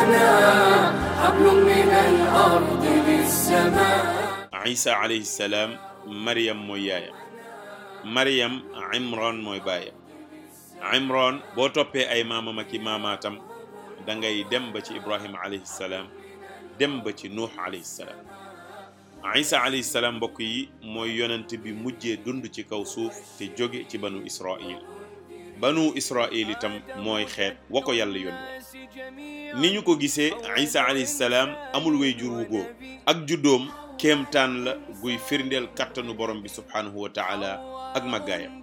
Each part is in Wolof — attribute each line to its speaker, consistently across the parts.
Speaker 1: لنا حبل من الأرض للسماء عيسى mooy yaayam Mariam mooy baayam Imran boo toppee ay maamam ak i maamaatam da dem ba ci Ibrahim alayhi salaam dem ba ci Nuux alayhi salaam Isa alayhi salaam mbokk yi mooy yonent bi mujjee dund ci kaw suuf te jóge ci banu Israil banu israil mooy xeet wa ko yàlla yónni ni ñu ko gisee isa alayhi amul way jur wu góor ak juddoom kéemtaan la guy firndeel kattanu borom bi subhaanahu wa taala ak màggaayam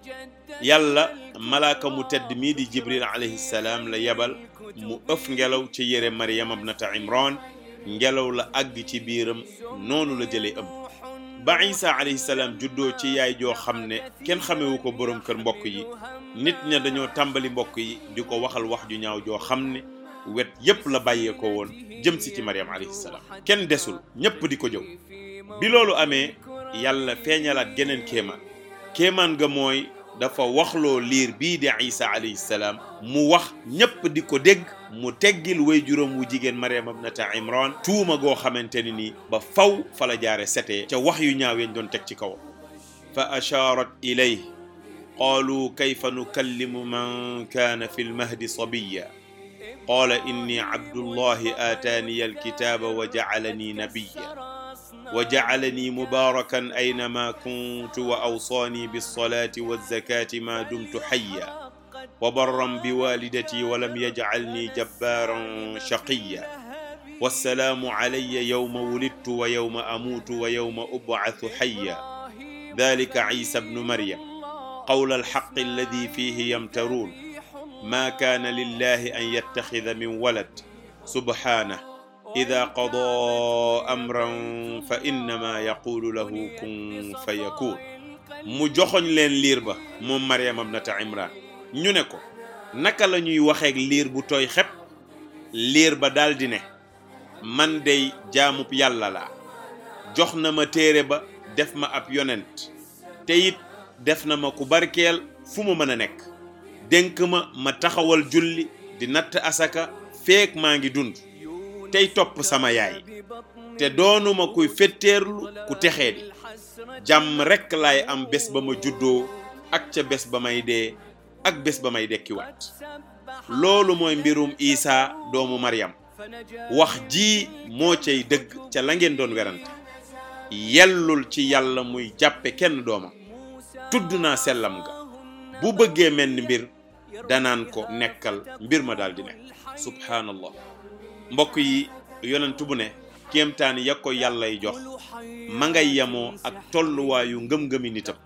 Speaker 1: yàlla malaaka mu tedd mii di jibril alayhi la yebal mu ëf ngelaw ci yére maryam abnata imran ngelaw la àgg ci biiram noonu la jëlee ëmb ba isa alayhi juddoo ci yaay joo xam ne kenn xamewu ko borom kër mbokk yi nit ña dañoo tàmbali mbokk yi di ko waxal wax ju ñaaw joo xam ne wet yépp la bàyyeekoo woon jëm si ci Mariam alayhi kenn desul ñépp di ko jëw bi loolu amee yàlla feeñalaat geneen kéemaan kéemaan nga mooy dafa waxloo liir bii di Isa alayhi salaam mu wax ñépp di ko dégg mu teggil way juróom wu jigéen Mariam abnata Imran tuuma goo xamante ni nii ba faw fa la jaare setee ca wax yu ñaaw yañ doon teg ci kaw fa asharat ilayhi qaalu kayfa nukallimu man kaana fi lmahdi sabiya qaala inni abdullahi aataaniya alkitaaba wa jacalanii nabiya wa jacalanii mubaarakan aynama kuntu wa awsaanii bilsalaati walzakaati maa dumtu xayya wa barran biwaalidatii wa lam yajcalnii jabbaaran shaqiya wassalaamu calaya yowma wulidtu wa yowma amuutu wa yowma ubcathu xayya dalika ciisa bnu maryam qawla alxaqi alladi fiihi yamtaruun maa kaana lillahi an yattaxida min walad subhaanah ida qadaa amran fa innama yaquulu lahu kun fa yakuun mu joxoñ leen liir ba moom Maryam abnata Imran ñu ne ko naka la ñuy waxeek liir bu tooy xepp liir ba daldi ne man dey jaamub yàlla laa jox ma téere ba def ma ab yonent te def na ma ku barkeel fu ma mën a nekk dénk ma ma taxawal julli di natt asaka feek maa ngi dund tey topp sama yaay te doonuma kuy fetteerlu ku texee di jàmm rekk lay am bés ba ma juddoo ak ca bés ba may dee ak bés ba may dekkiwaat loolu mooy mbirum Isaa doomu Maryam wax ji moo cay dëgg ca la ngeen doon werante yellul ci yàlla muy jàppe kenn doomam tudd naa sellam ga bu bëggee mel ni mbir danaan ko nekkal mbir ma daal di nekk subhaanallah mbokk yi yonent bu ne kéemtaan ya ko yàllay jox ma ngay yemoo ak tolluwaayu ngëm-ngëmi nitam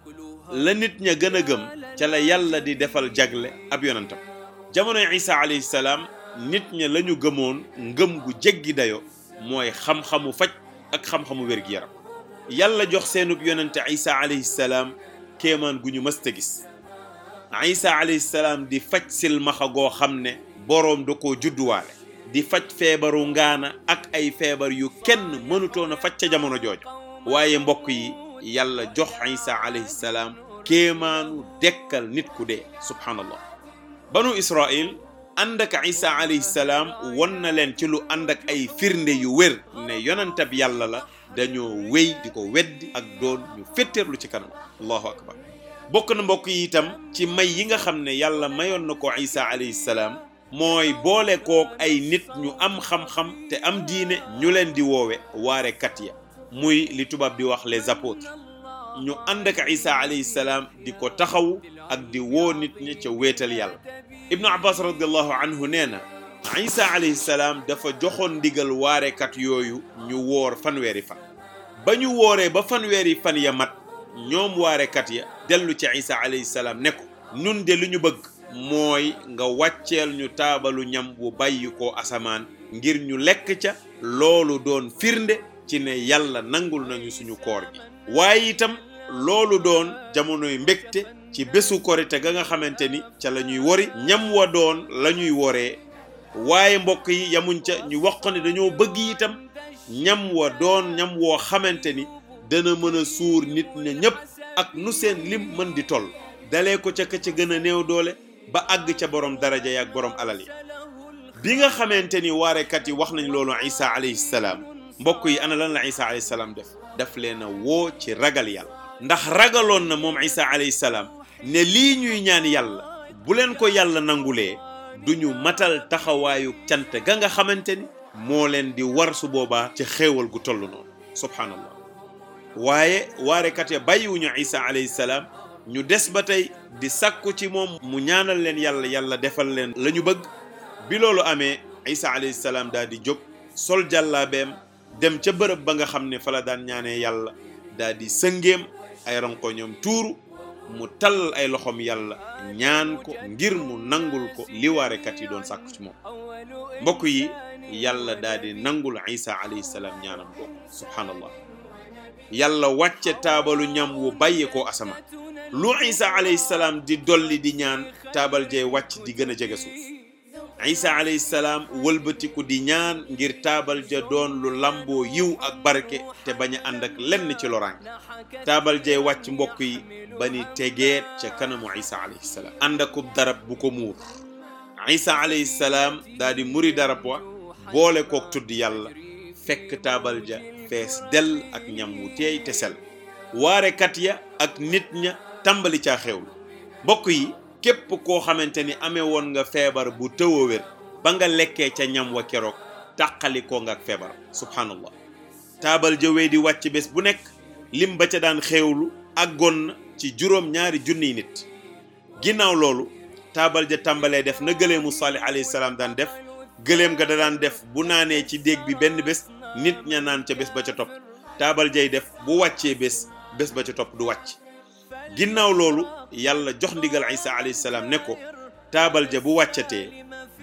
Speaker 1: la nit ña gën a gëm ca la yàlla di defal jagle ab yonentam jamono isa alayhi salaam nit ña la ñu gëmoon ngëm gu jéggi dayo mooy xam-xamu faj ak xam-xamu yaram yàlla jox seenub yonente isa alayhi kéemaan gu ñu mësta gis isa alayhi salaam di faj silmaxa goo xam ne boroom da ko judduwaale di faj feebaru ngaana ak ay feebar yu kenn mënutoon a faj ca jamono jooju waaye mbokk yi yàlla jox isa alayhi salaam kéemaanu dekkal nit ku dee subhaanallah banu israil ànd ak isa alayhi salaam leen ci lu ànd ak ay firnde yu wér ne yonentab yàlla la dañoo wéy di ko weddi ak doon ñu fetteerlu ci kanam allahu akbar bokk na mbokk yi itam ci may yi nga xam ne yàlla mayoon na ko isa alayhi salaam mooy boole kook ay nit ñu am xam-xam te am diine ñu leen di woowe waarekat ya muy li tubaab bi wax les apôtres ñu ànd ak isa alayhi salaam di ko taxaw ak di woo nit ñi ca wéetal yàlla ibnu abbas radiallahu anhu nee na isa alayhi salaam dafa joxoon ndigal waarekat yooyu ñu woor fanweeri fa ba ñu wooree ba fanweeri fan ya mat ñoom waarekat ya dellu ca isa alayhi salaam ne ko nun de li ñu bëgg mooy nga wàcceel ñu taabalu ñam wu bàyyi ko asamaan ngir ñu lekk ca loolu doon firnde ci ne yàlla nangul nañu suñu koor gi waaye itam loolu doon jamonoy mbegte ci bésu korite ga nga xamante ni ca la ñuy wori ñam wa doon la ñuy woree waaye mbokk yi yamuñ ca ñu wax ne dañoo bëgg itam ñam wa doon ñam woo xamante ni dana mën a suur nit ña ñépp ak nu seen lim mën di toll dale ko ca ka ca gën a néew doole ba àgg ca borom daraja ya ak borom alal yi bi nga xamante ni waarekat yi wax nañ loolu isa alayhi salaam mbokk yi ana lan la isa alayhi salaam def daf leen a woo ci ragal yàlla ndax ragaloon na moom isa alayhi salaam ne lii ñuy ñaan yàlla bu leen ko yàlla nangulee duñu matal taxawaayu cant ga nga xamante ni moo leen di war su boobaa ci xéewal gu toll noonu subhaanallah waaye waarekat ya bàyyiwuñu isa alayhi salaam ñu des ba tey di sàkku ci moom mu ñaanal leen yàlla yàlla defal leen la ñu bëgg bi loolu amee isa alayhi salaam daal di jóg sol jàllaabeem dem ca bërëb ba nga xam ne fa la daan ñaanee yàlla daal di sëngeem ay ronko tuuru mu tallal ay loxoom yàlla ñaan ko ngir mu nangul ko li waarekat yi doon sàkku ci moom mbokk yi yàlla daal di nangul isa alayhi salaam ñaanam ko subhaanallah yàlla wàcce taabalu ñam wu bàyyee koo asama lu isa alayhi salaam di dolli di ñaan taabal jee wàcc di gën a jege isa alayhi salaam wëlbatiku di ñaan ngir taabal ja doon lu lamboo yiw ak barke te bañ ànd ak lenn ci loraan taabal jay wàcc mbokk yi ba ni tegeet ca kanamu isa alayhi salaam ànd akub darab bu ko muur isa alayhi salaam daa di muri darab wa boole kook tudd yàlla fekk taabal ja fees dell ak ñam wu teey te sel waarekat ya ak nit ña tàmbali ca xewlu mbokk yi képp koo xamante ni amee woon nga feebar bu tëw ba nga lekkee ca ñam wa keroog tàqalikoo nga ak feebar subhanallah taabal jawee di wàcc bés bu nekk lim ba ca daan xéewlu ak na ci juróom ñaari yi nit ginnaaw loolu taabal ja tàmbalee def na gëleemu Saalih alayhi salaam daan def gëléem ga da daan def bu naanee ci déeg bi benn bés nit ña naan ca bés ba ca topp taabal jay def bu wàccee bés bés ba ca topp du wàcc ginnaaw loolu yàlla jox ndigal isa alayhi salaam ne ko taabal ja bu wàccatee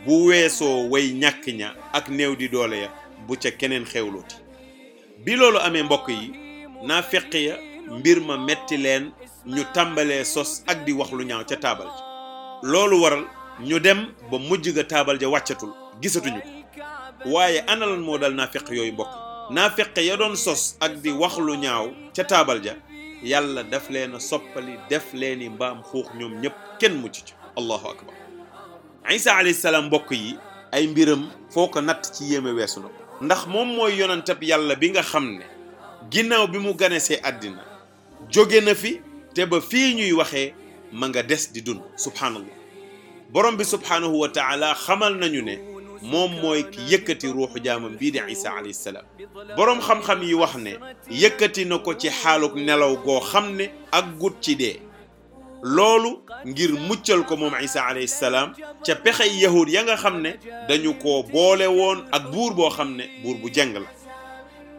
Speaker 1: bu weesoo way ñàkk ña ak néew di doole ya bu ca keneen xewlooti bi loolu amee mbokk yi naa feq ya mbir ma metti leen ñu tàmbalee sos ak di wax lu ñaaw ca taabal loolu waral ñu dem ba mujj ga taabal ja wàccatul gisatuñu ko waaye ana moo dal naa feq yooyu mbokk naa feq ya doon sos ak di wax lu ñaaw ca taabal ja yàlla daf leen a soppali def leen mbaam xuux ñoom ñëpp kenn mu ci allahu akbar isa alayhi salaam mbokk yi ay mbiram foo ko natt ci yéeme weesu na ko ndax moom mooy yonantab yàlla bi nga xam ne ginnaaw bi mu ganesee àddina jóge na fi te ba fii ñuy waxee ma nga des di dund subhaanallah borom bi subhaanahu wa xamal nañu ne moom mooy ki yëkkati ruuxu jaamam bii di isa alayhi salaam boroom xam-xam yi wax ne yëkkati na ko ci xaaluk nelaw goo xam ne ak gut ci dee loolu ngir muccal ko moom isa alayhi salaam ca pexey yahud ya nga xam ne dañu ko boole woon ak buur boo xam ne buur bu jeng la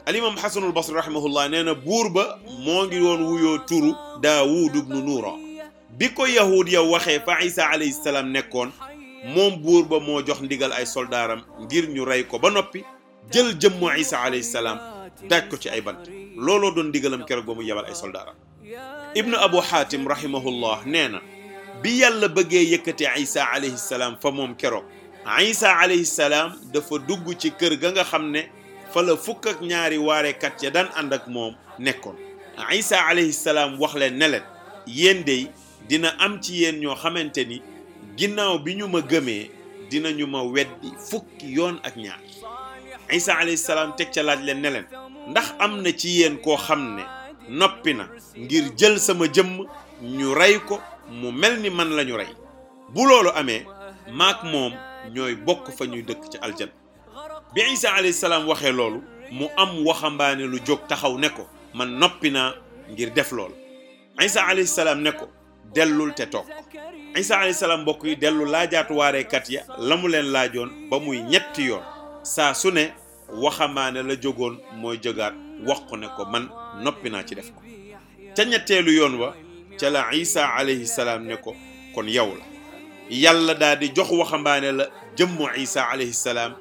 Speaker 1: alimam xasanul basri rahimahullah nee na buur ba moo ngi woon wuyoo turu daawud ibnu nuura bi ko yahud ya waxee fa isa alayhi salaam nekkoon moom buur ba moo jox ndigal ay soldaaram ngir ñu rey ko ba noppi jël jëmmu isa alayhi salaam daaj ko ci ay bant looloo doon ndigalam keroog ba mu yebal ay soldaaram ibnu abu xaatim rahimahullah nee na bi yàlla bëggee yëkkati isa alayhi salaam fa moom keroog isa alayhi salaam dafa dugg ci kër ga nga xam ne fa la fukk ak ñaari waarekat ya daan ànd ak moom nekkoon isa alayhi salaam wax leen ne leen yéen dey dina am ci yéen ñoo xamante ni ginnaaw bi ñu ma gëmee dinañu ma weddi fukki yoon ak ñaar isa alayhi salaam teg ca laaj leen ne leen ndax am na ci yéen koo xam ne noppi na ngir jël sama jëmm ñu rey ko mu mel ni man lañu rey bu loolu amee maak moom ñooy bokk fa ñuy dëkk ci aljan bi isa alayhi salaam waxee loolu mu am waxambaane lu jóg taxaw ne ko man noppi naa ngir def loolu isa alayhi salaam ne ko dellul te toog isa alayhi mbokk yi dellu laajaat waarekat ya lamu leen laajoon ba muy ñetti yoon saa su ne waxambaane la jógoon mooy jógaat wax ne ko man noppi naa ci def ko ca ñetteelu yoon wa ca la isa alayhi salaam ne ko kon yow la yàlla daal jox waxambaane la jëmmu isa alayhi salaam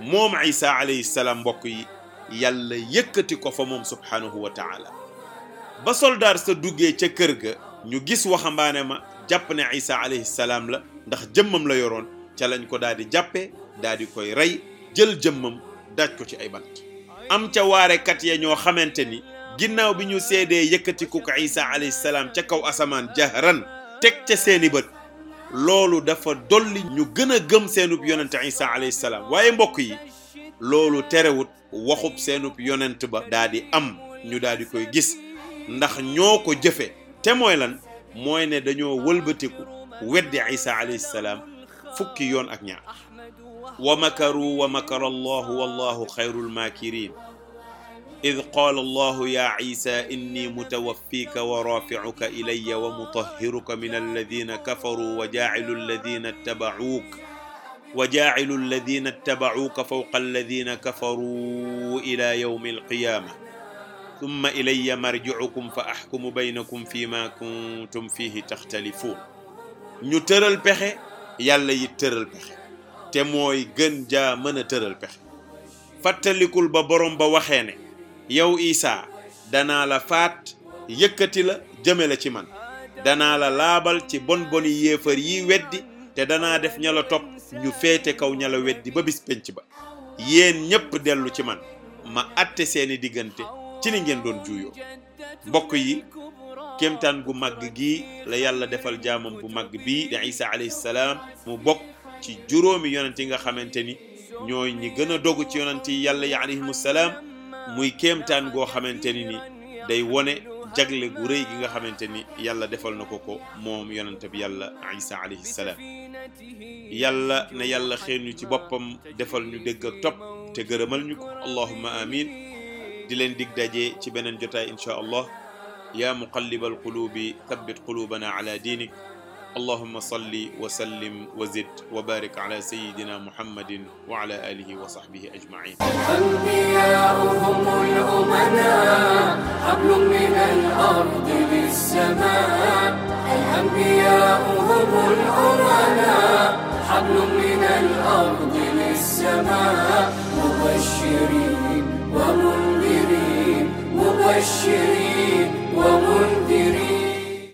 Speaker 1: moom isa alayhi salaam mbokk yi yalla yëkkati ko fa moom subhanahu wa taala ba soldaar sa duggee ca kër ga ñu gis waxambaane ma jàpp ne isa alayhi salaam la ndax jëmmam la yoroon ca lañ ko daal di jàppee daal di koy rey jël jëmmam daaj ko ci ay bant am ca waarekat ya ñoo xamante ni ginnaaw bi ñu seedee yëkkati ku ko isa alayhi ca kaw asamaan jahran teg ca seeni bët loolu dafa dolli ñu gën a gëm seenub yonent isa alayhi salaam waaye mbokk yi loolu terewut waxub seenub yonent ba daal am ñu daal di koy gis ndax ñoo ko jëfe te mooy lan mooy ne dañoo wëlbatiku weddi isa alayhi salaam fukki yoon ak ñaar wa makaru wa makara allahu wallahu xayrul maakirin id qaala allahu ya isa inni mutawaffiika wa raaficuka ilaya wa mutahiruka min alladina kafaruu wa jaacilu alladina ittabacuuk wa jaacilu alladina ittabacuuka fawqa alladina kafaruu ila yawmi alqiyaama thumma ilayya marji'ukum fa ahkumu baynakum fi ma kuntum fihi taxtalifuun ñu tëral pexe yàlla yi tëral pexe te mooy gën jaa mën a tëral pexe fàttalikul ba borom ba waxee ne yow Isa danaa la faat yëkkati la jëme la ci man danaa la laabal ci bon boni yéefar yi weddi te danaa def ña topp ñu féete kaw ña la weddi ba bis ba yéen ñépp dellu ci man ma àtte seeni diggante ci li ngeen doon juuyoo mbokk yi kéemtaan gu màgg gi la yàlla defal jaamam bu màgg bii di isa alayhi salaam mu bokk ci juróomi yonent yi nga xamante ni ñooy ñi gën a dogu ci yonent yi yàlla yi alayhimu salaam muy kéemtaan goo xamante ni ni day wone jagle gu rëy gi nga xamante ni yàlla defal na ko ko moom yonente bi yàlla isa alayhi salaam yàlla na yàlla xeen ñu ci boppam defal ñu dégg ak topp te gërëmal ñu ko allahumma amin di leen dig daje ci beneen jotaay inchaa allah yaa muqalliba alquluubi thabbit quluubana ala diinik allahuma salli wa sallim wa zid wa barik ala sayidina muhammadin wa ala alihi wa sahbihi ajmain anbiyauhum lumana hablum min alard lissama anbiyauhum lumana hablum min alard lissama mubashirin وبشري ومنذري